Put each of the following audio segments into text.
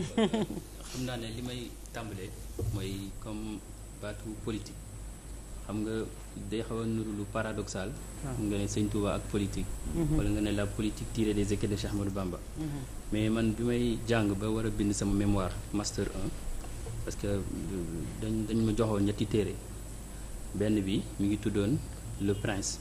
xam naa ne li may tàmbalee mooy comme baatu politique xam nga day xaw nuru lu paradoxal xam ah. nga ne sëñ Touba ak politique mhm. wala nga ne la politique tirée des écrits de Cheikh Ahmadou Bamba mhm. mais man bi may jàng ba war a bind sama mémoire master 1 parce que dañ dañ ma joxoon ñetti téere benn bi mi ngi tuddoon le prince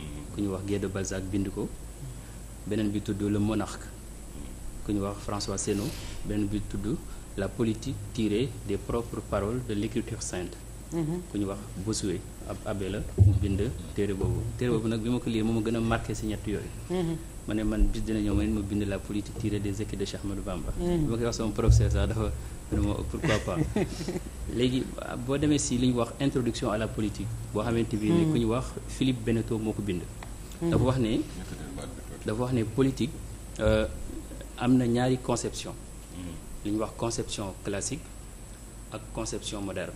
mhm. ku ñu wax Guy de Balzac bind ko beneen bi tudd le monarque ku ñu wax François Sénon benn bi tudd la politique tirée des propres paroles de l'écriture sainte mhm. ku ñu wax Bossuet ab abbé la mu bind téere boobu téere boobu nag bi ma ko lire moom ma gën a marqué ci ñett yooyu mhm. ma ne man bis dina ñëw ma ne ma bind la politique tirée des écrits de Cheikh Ahmadou Bamba mhm. bi ma koy wax sama professeur sax dafa ma pourquoi pas léegi boo demee si li ñu wax introduction à la politique boo xamante bi ne ku ñu wax Philippe Beneteau moo ko bind wax ne dafa wax ne politique euh, am na ñaari conception hmm. li ñu wax conception classique ak conception moderne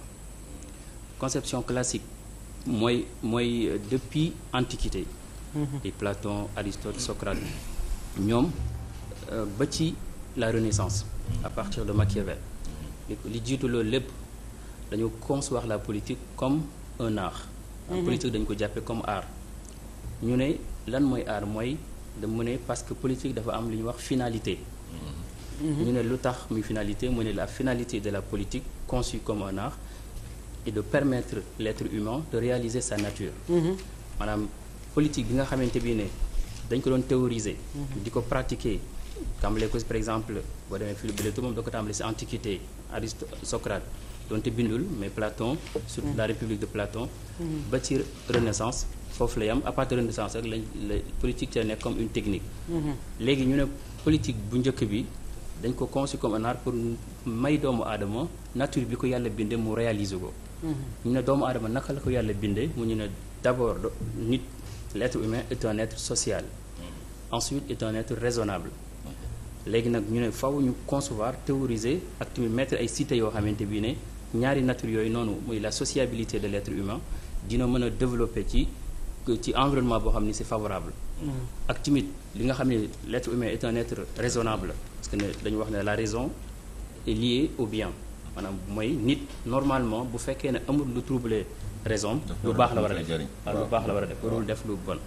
conception classique mooy mooy depuis antiquité di hmm. Platon Aristote Socrate ñoom euh, ba ci la Renaissance hmm. à partir de Machiavel li jiitu loolu lépp dañu concevoir la politique comme un art la politique dañ ko jàppee comme art ñu ne lan mooy art mooy dama ne parce que politique dafa am lu ñu wax finalité. Mm-hmm. ñu ne lu tax muy finalité mu ne la finalité de la politique conçue comme un art et de permettre l'être humain de réaliser sa nature. Mm-hmm. maanaam politique bi nga xamante bi ne dañ ko doon théoriser. Mm-hmm. di ko pratiquer tàmbalee ko par exemple boo demee Philippe Beleto moom da ko tàmbalee ci antiquité. Arist Socrate donte bindul mais Platon surtout mm. la République de Platon mm. ba ci Renaissance foofu la yam Renaissance rek la politique ca nekk comme une technique mm-hmm. léegi ñu ne politique bu njëkk bi dañ ko conçu comme un art pour may doomu aadama nature bi ko yàlla binde mu réaliser ko mm-hmm. ñu ne doomu aadama naka la ko yàlla binde mu ñu ne d'abord nit l'être humain est un être social mm-hmm. ensuite est un être raisonnable léegi nag ñu ne faw ñu concevoir théoriser ak tamit mettre ay cités yoo xamante bi ne ñaari nature yooyu noonu muy la sociabilité de l'être humain dina mën a développer ci ci environnement boo xam ne si favorable mm. ak tamit li nga xam ne l'être humain et un être raisonnable parce que ne dañu wax ne la raison est liée au bien maanaam mooy nit normalement bu fekkee ne amul lu troubler raison lu baax la war a def waaw lu baax la war a def warul def lu bon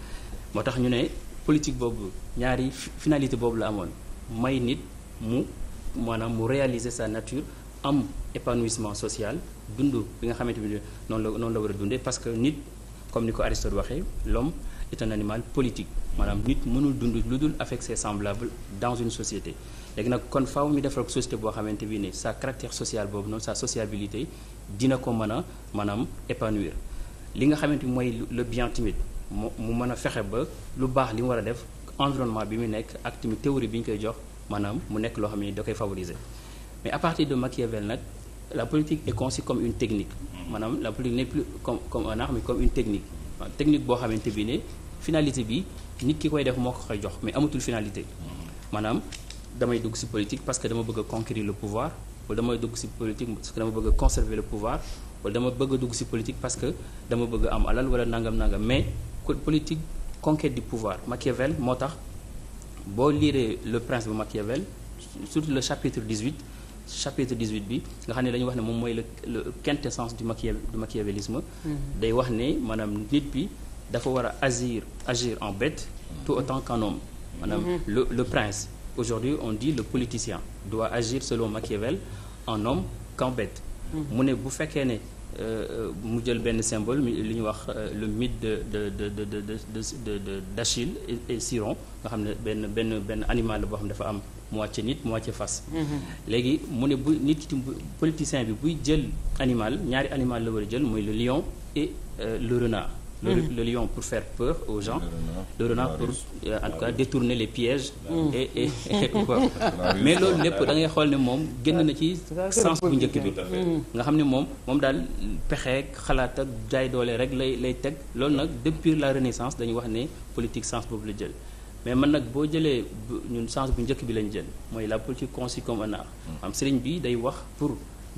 moo tax ñu ne politique boobu ñaari finalité boobu la amoon may nit mu maanaam mu réaliser sa nature am épanouissement social dund bi nga xamante ni noonu la noonu la war a dundee parce que nit comme ni ko Aristote waxee l'homme est un animal politique maanaam nit mënul dund lu dul avec ses semblables dans une société léegi nag kon faaw ñu defal société boo xamante bi ne sa caractère social boobu noonu sa sociabilité dina ko mën a maanaam épanouir li nga xamante bi mooy le bien timide mu mën a fexe ba lu baax li mu war a def environnement bi mu nekk ak tamit théorie bi ñu koy jox maanaam mu nekk loo xam ne da koy favoriser mais à de Machiavel nag la politique est conçue comme une technique maanaam la politique n'est plus comme comme un art une technique technique boo xamante bi ne finalité bi nit ki koy def moo ko koy jox mais amatul finalité maanaam damay dugg ci politique parce que dama bëgg a conquérir le pouvoir wala damay dugg ci politique parce que dama bëgg a conserver le pouvoir politique parce que dama bëgg am alal wala nangam-nangam mais conquête du pouvoir Machiavel moo tax boo liiree le prince bu Machiavel surtout le chapitre 18 chapitre 18 bi nga xam ne dañuy wax ne moom mooy le le quintessence du machia du machiavélisme mm-hmm. day wax ne maanaam nit bi dafa war a agir agir en bête tout mm-hmm. autant qu'en homme maanaam mm-hmm. le le prince aujourd'hui on di le politicien doit agir selon Machiavel en nom qu'en bête mu ne bu fekkee ne Euh, mu jël benn symbole li ñuy wax euh, le mythe de de de de de de de de d'Achille et Siron nga xam ne benn benn benn animal la boo xam ne dafa am moitié nit moitié fas. Mm-hmm. léegi mu ne bu nit ki politicien bi buy jël animal ñaari animal la war a jël mooy le lion et euh, le renard. le, mhm. le lion pour faire peur aux gens. le renard pour euh, en tout cas détourner les pièges. et et mais loolu lépp da ngay xool ne moom génn na ci sens bu njëkk bi. nga xam ne moom moom daal pexeeg xalaat ak jaay doole rek lay lay teg loolu nag depuis la renaissance dañuy wax ne politique sens bu la jël. mais man nag boo jëlee ñun sens bu njëkk bi lañ jël mooy la politique conçue comme un art. Mm. am sëriñ bi day wax pour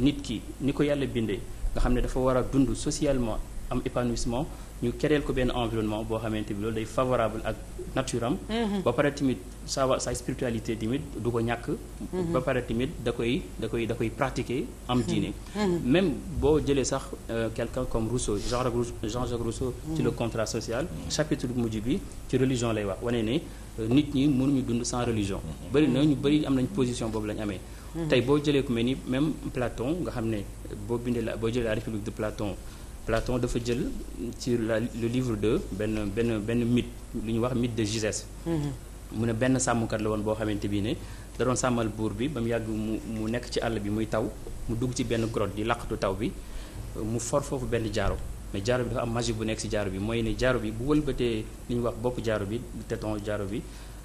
nit ki ni ko yàlla bindee nga xam ne dafa war a dund socialement am épanouissement. ñu kereel ko benn environnement boo xamante bi loolu day favorable ak nature am mhm. ba pare tamit sa sa spiritualité tamit du ko ñàkk mhm. ba pare tamit da koy da koy da pratiquer am mhm. diine même boo jëlee sax euh, quelqu'un comme Rousseau Jean-Jacques Rousseau ci le contrat social chapitre bu mujj bi ci religion lay wax wane ne euh, nit ñi mënuñu dund sans religion bari na ñu bëri am nañ position boobu lañ amee tey boo jëlee ku mel ni Platon nga xam ne boo bindee la boo jëlee la République de Platon Platon dafa jël ci la le livre de benn benn benn mythe lu ñuy wax mythe de Gygès. Mm-hmm. mu ne benn sàmmukat la woon boo xamante bi ne da doon sàmmal buur bi ba mu yàgg mu mu nekk ci àll bi muy taw mu dugg ci benn grotte di làqatu taw bi mu foor foofu benn jaaro mais jaaro bi dafa am magie bu nekk si jaaro bi mooy ne jaaro bi bu wëlbatee li ñuy wax bopp jaaro bi téton jaaro bi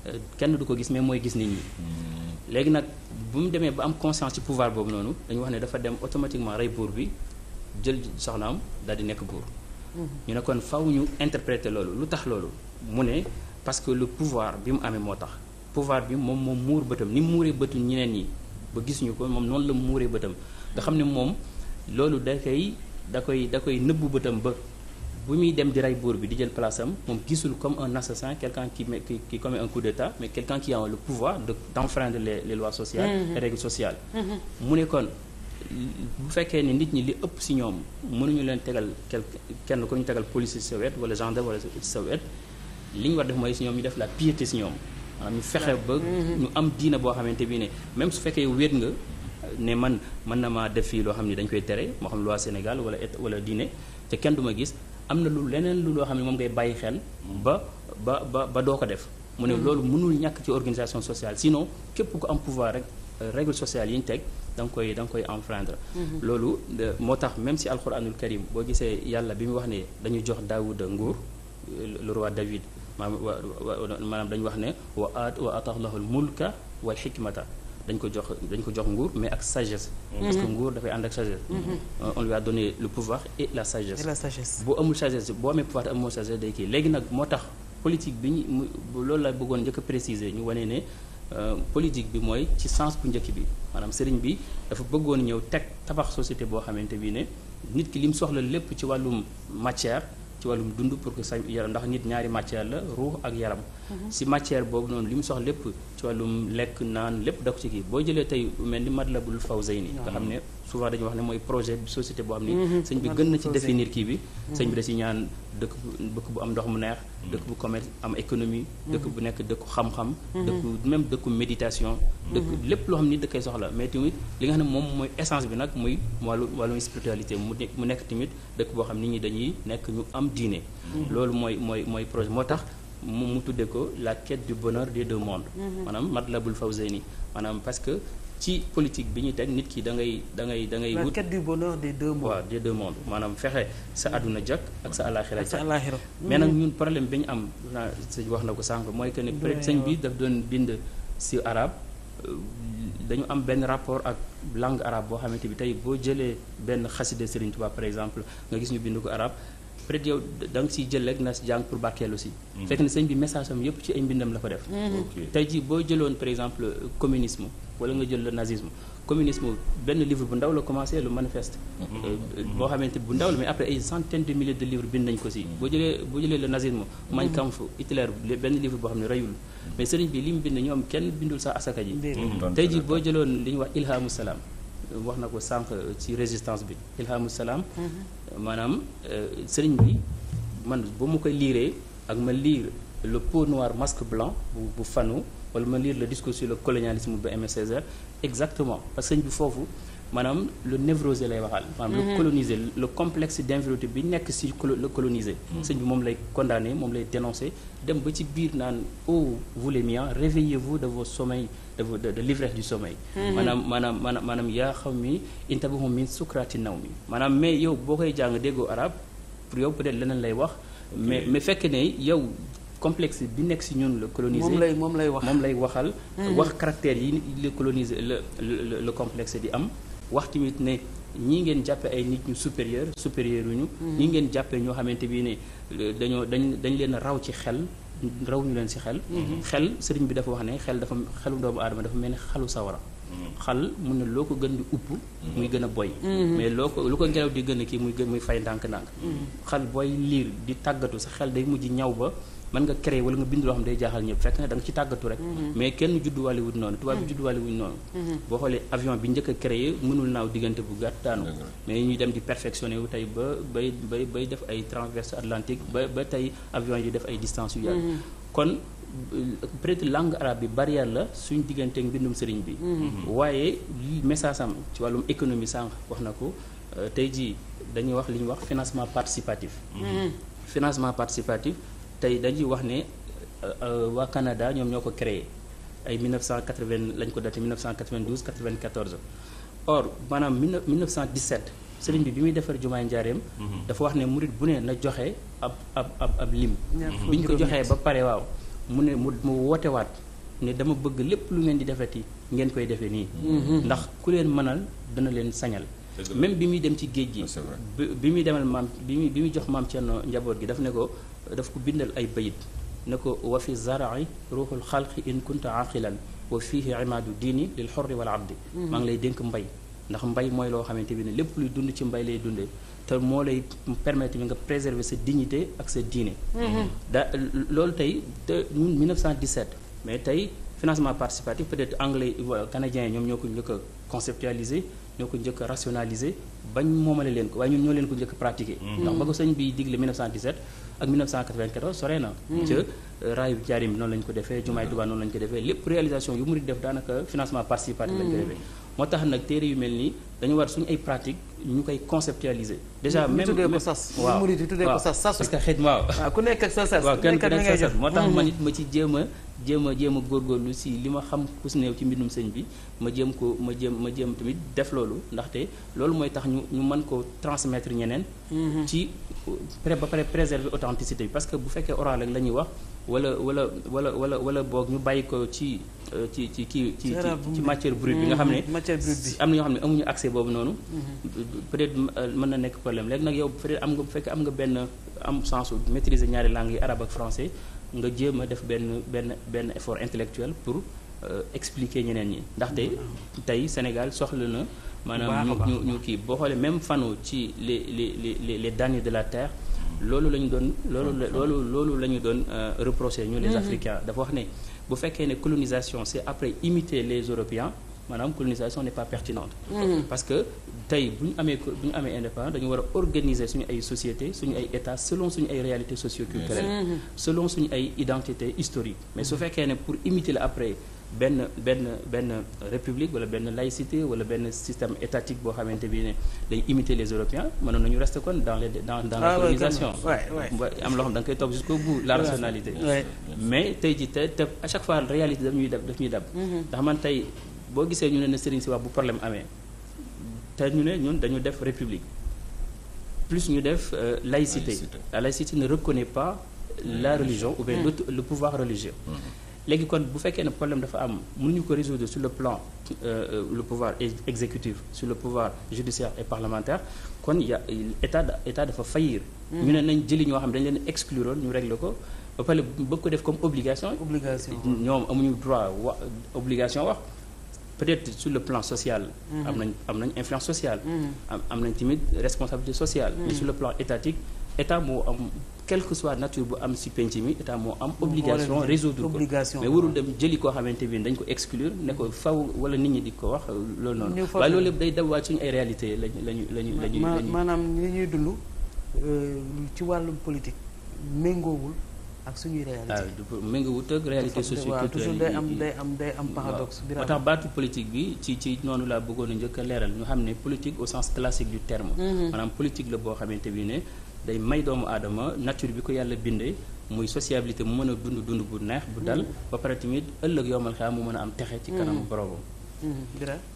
euh, kenn du ko gis mais mooy gis nit ñi. Mm-hmm. léegi nag bu mu demee ba am conscience ci pouvoir boobu noonu dañu wax ne dafa dem automatiquement rey buur bi jël soxnaam daal di nekk góor. Mhm. ñu ne kon faw ñu interpréter loolu lu tax loolu mu ne parce que le pouvoir bi mu amee moo tax pouvoir bi moom moom muur bëtam ni mu muuree bëtu ñeneen ñi ba gisuñu ko moom noonu la mu muuree bëtam nga xam ne moom loolu da koy da koy da koy nëbbu bëtam ba bu muy dem di rey buur bi di jël place am moom gisul comme un assassin quelqu'un qui met qui, qui commet un coup d'état mais quelqu'un qui a le pouvoir de d'enfreindre les lois sociales. Mhm. Mhm. mu ne kon. bu fekkee ne nit ñi li ëpp si ñoom mënuñu leen tegal kenn ku ñu tegal police si sa wet wala gendarme wala si li ñu war def mooy si ñoom ñu def la piété si ñoom maanaam ñu fexe ba mm-hmm. ñu am diina boo xamante bi ne même su fekkee wéet nga ne man mën na maa def fii loo xam ne dañ koy tere moo xam loi Sénégal wala et wala diine te kenn du ma gis am na lu leneen lu loo xam ne moom ngay bàyyi xel ba ba ba ba doo ko def mu ne mm-hmm. loolu mënul ñàkk ci organisation sociale sinon képp ku am pouvoir rek Euh, règle sociale yi ñu teg da nga koy da nga koy enfreindre mhm. loolu moo tax même si alxuraanul karim boo gisee yàlla bi mu wax ne dañu jox Daawuda nguur euh, le roi David maanaam dañu wax ne wa at wa ataxlahul mulka wal xikmata dañ ko jox dañ ko jox nguur mais ak sagesse. Mhm. parce que nguur dafay ànd ak sagesse. Mhm. Euh, on lui a donné le pouvoir et la sagesse. et la sagesse boo amul sagesse boo amee pouvoir te amoo day kii léegi nag moo tax politique bi loolu la bëggoon njëkk a ñu wane ne. Euh, politique bi mooy ci sens bu njëkk bi maanaam sëriñ bi dafa bëggoon ñëw teg tabax société boo xamante bi ne nit ki li mu soxla lépp ci wàllum matière ci wàllum dund pour que sa yaram ndax nit ñaari matière la ruux ak yaram mhm. si matière boobu noonu li soxla lépp ci wàllum lekk naan lépp da ko ci kii boo jëlee tey mel ni Matlabul Fawzayni nga xam ne souvent dañuy wax ne mooy projet société boo xam ni mhm. sëñ bi gën na ci définir kii bi mhm. sëñ bi da ci ñaan dëkk bu am ndox mu neex mhm. dëkk bu commerce am économie dëkk bu nekk dëkku xam-xam dëkku même dëkku méditation dëkk lépp loo xam ni da koy soxla mais tamit li nga xam ne moom mooy essence bi nag muy wàllu wàllum spiritualité mu nekk tamit dëkk boo xam nit ñi dañuy nekk ñu am diine loolu mooy mooy mooy projet moo mu mu tuddee ko la quête du bonheur des deux mondes. Mm-hmm. maanaam Matlabul Fawzayni maanaam parce que ci politique bi ñuy teg nit ki dangay ngay da ngay da ngay. wut la quête du bonheur des deux mondes. waaw des deux mondes maanaam fexe sa àdduna jàkk ak sa alaaxira jàkk mais nag mm-hmm. ñun problème bi ñu am naa sëñ wax na ko sànq mooy que ne. sëñ bi daf doon bind si arabe. Euh, dañu am benn rapport ak langue arabe boo xamante bi tey boo jëlee benn xaside Serigne Touba par exemple nga gis ñu bind ko arabe peut être yow da nga siy jël rek na si jàng pour barkeelu si. Mm-hmm. fekk na sëñ bi message am yëpp ci ay mbindam la ko def. Mm-hmm. tey jii boo jëloon par exemple euh, communisme wala nga jël le nazisme communisme benn livre bu ndaw la commencé lu manifeste. Mm-hmm. Euh, euh, boo xamante bu ndaw la mais après ay centaines de milliers de livres bind nañ ko si. boo jëlee boo jëlee le nazisme. Mein Kampf Hitler benn livre boo xam ne rayul. mais sëriñ bi li mu bind ñoom kenn bindul sax asaka ji. tey jii boo jëloon li ñuy wax ilhamu salaam. wax na ko sànq ci résistance bi ilhamu salaam mm-hmm. maanaam euh, sëriñ bi man ba mu koy liiree ak ma liir le peau noire masque blanc bu bu fanu wala ma liir le discours sur le colonialisme bu Aimé Césaire exactement parce que bi foofu maanaam lu névrosé lay waxal maanaam le mm-hmm. colonisé le complexe d'infériorité bi nekk ci le colonisé mm-hmm. sëñ bi moom lay condamné moom lay dénoncé dem ba ci biir naan oh vous miens réveillez-vous de vos de de, de l'ivresse du sommeil mm-hmm. maanaam maanaam maanaam maanaam yaa xam mi intabihum min sukraati naw mi maanaam mais yow boo koy jàng déggoo arabe pour yow peut-être leneen lay wax mais mais fekk ne yow complexe bi nekk ci ñun la coloniser moom lay moom lay wax moom lay waxal mm-hmm. wax caractère yi le coloniser la le complexe di am wax tamit ne ñii ngeen jàppe ay nit ñu supérieur supérieur ñu mm-hmm. ñii ngeen jàppe ñoo xamante bii ne dañoo dañ dañ leen raw ci xel raw ñu leen ci xel mhm. xel sëriñ bi dafa wax ne xel dafa xelu doomu aadama dafa mel ni xalu sawara mhm. xal mun ne loo ko gën di upp mhm. muy gën a boy mais loo ko lu ko ngelaw di gën a kii muy gën muy fay ndànk-ndànk xal booy liir di tàggatu sa xel day mujj ñaw ba mën nga créer wala nga bind loo xam day jaaxal ñëpp fekk na da nga ci tàggatu rek mm-hmm. mais kenn judduwaale wut noonu tubaab bi mm-hmm. judduwaale wuñ noonu mm-hmm. boo xoolee avion bi njëkk a créé mënul naaw diggante bu gàtt daanu mais ñuy dem di perfectionné wu tey ba bay bay bay def ay transverse atlantique ba ba tey avion yi def ay distance yu yàgg kon peut-être langue arabe bi barrière la suñ diggante ak mbindum sëriñ bi waaye message am ci wàllum économie sànq wax na ko euh, tey jii dañuy wax li ñuy wax financement participatif financement participatif tey dañuy wax ne euh, euh, waa Canada ñoom ñoo ko créé ay 1980 lañ ko daté 1992 94 or maanaam 1917 sëriñ bi bi muy defar jumaay njaareem mhm. dafa wax ne murit bu ne na joxe ab ab ab ab lim bi ñu ko joxee ba pare waaw mu ne mu mu wootewaat ne dama bëgg lépp lu ngeen di defeti ngeen koy defee nii mhm. ndax ku leen mënal dana leen sañal même bi muy dem ci géej gi bi muy demal maam bi muy bi muy jox maam Cerno njaboot gi daf ne ko daf ko bindal ay bayit ne ko wa fi zarai ruuxul xalqi in kunta aqilan wa fihi imaadu diini lil xorri wal abdi mm-hmm. maa ngi lay dénk mbay ndax mbay mooy loo xamante bi ne nga préserver sa dignité ak sa diine mm-hmm. da loolu tey te 1917 mais tey financement participatif peut-être anglais euh, canadien ñoom ñoo ko njëkk a conceptualiser ñoo ko njëkk a rationaliser bañ moomale leen ko waaye ñun ñoo leen ko njëkk pratiquer mhm. ndax ba ko sëñ bi digle 1917 ak 1994 sore na mhm. ca euh, raayu jaarim bi noonu lañ ko defee jumaay Tuubaa noonu lañ ko defee lépp réalisation yu murid def daanaka financement participatif lañ ko mhm. defee moo tax nag téere yu mel nii dañu war suñu ay pratique ñu koy conceptualiser. déjà même ñu tuddee ko sas. waaw mu di que xëy waaw. Ah, ku nekk ak sa sas. waaw kenn ku nekk ak mhm. it ma ci jéem a jéem a jéem góorgóorlu si li ma xam ku si néew ci mbindum sëñ bi ma jéem ko ma jéem ma jéem tamit def loolu ndaxte loolu mooy tax ñu ñu mën ko transmettre ñeneen. Mhm. ci pré ba pare préserver authenticité bi parce que bu fekkee oral ak la ñuy wax. wala wala wala wala wala boog ñu bàyyi ko ci euh, ci ci kii ci ci matière brute bi nga xam ne mm-hmm. matière brute am na ñoo xam ne amuñu accès boobu noonu mm-hmm. peut-être euh, mën na nekk problème léegi nag yow peut-être am nga bu fekkee am nga benn am sens maîtriser ñaari langues yi arabe ak français nga jéem a def benn benn benn effort intellectuel pour euh, expliquer ñeneen ñi ndaxte mm-hmm. tey Sénégal soxla na maanaam ñu ñu kii boo xoolee même fano ci les les les les derniers de la terre loolu la ñu doon loolu loolu loolu la ñu doon euh, reprocher ñu les mhm. Africains dafa wax ne bu fekkee ne colonisation c'est après imiter les Européens maanaam colonisation n'est pas pertinente mhm. parce que tey bu ñu amee bu ñu amee indépendance dañu war organiser suñu ay société suñu ay état selon suñu ay réalités socioculturelles mhm. selon suñu ay identité historique mais su fekkee ne pour imiter la après benn benn benn république wala benn laïcité wala benn système étatique boo xamante bi ne day imiter les Européens mënoon nañu rester kon dans les dans la ah, colonisation am loo xam da nga koy topp jusqu'au bout la rationalité mais tey ji te te à chaque fois réalité daf ñuy dab daf ñuy dab mm-hmm. ndax man tey boo gisee ñu ne ne Serigne si wax bu problème amee te ñu ne ñun dañu def république plus ñu def euh, laïcité la laïcité ne reconnaît pas la mm-hmm. religion ou bien mm-hmm. lu pouvoir religieux léegi kon bu fekkee ne problème dafa am mënuñu ko résoudre sur le plan euh, le pouvoir exécutif sur le pouvoir judiciaire et parlementaire kon ya état état dafa faillir. Mm-hmm. ñu ne nañ jëli ñoo xam dañ leen excluroon ñu régler ko ba pare bëgg ko def comme obligation. obligation ñoom amuñu droit wa obligation wax. peut-être sur le plan social. Mm-hmm. am nañ am nañ influence sociale. Mm-hmm. am nañ tamit responsabilité sociale. mais sur le plan étatique état moo am. quelle que soit nature bu am si penc mi état moo am obligation résoudre ko mais warul dem jëli koo xamante bi dañ ko exclure ne ko faw wala nit ñi di ko wax loolu noonu waaye loolu lépp day dawaat suñu ay réalité lañu lañu lañu lañu maanaam li ñuy dund euh, ci wàllum politique méngoowul ak suñuy réalité ah méngoowut ak réalité socioculturelle day am day am day am paradoxe. moo tax baatu politique bi ci ci noonu laa bëggoon a njëkk leeral ñu xam ne politique au sens classique du terme. Mm-hmm. maanaam politique la boo xamante bi day may doomu aadama nature bi ko yàlla bindee muy sociabilité mu mën a dund dund bu neex bu dal mm. ba pare tamit ëllëg yombal xew mu mën a am texe ci kanamu mm. boromam mm.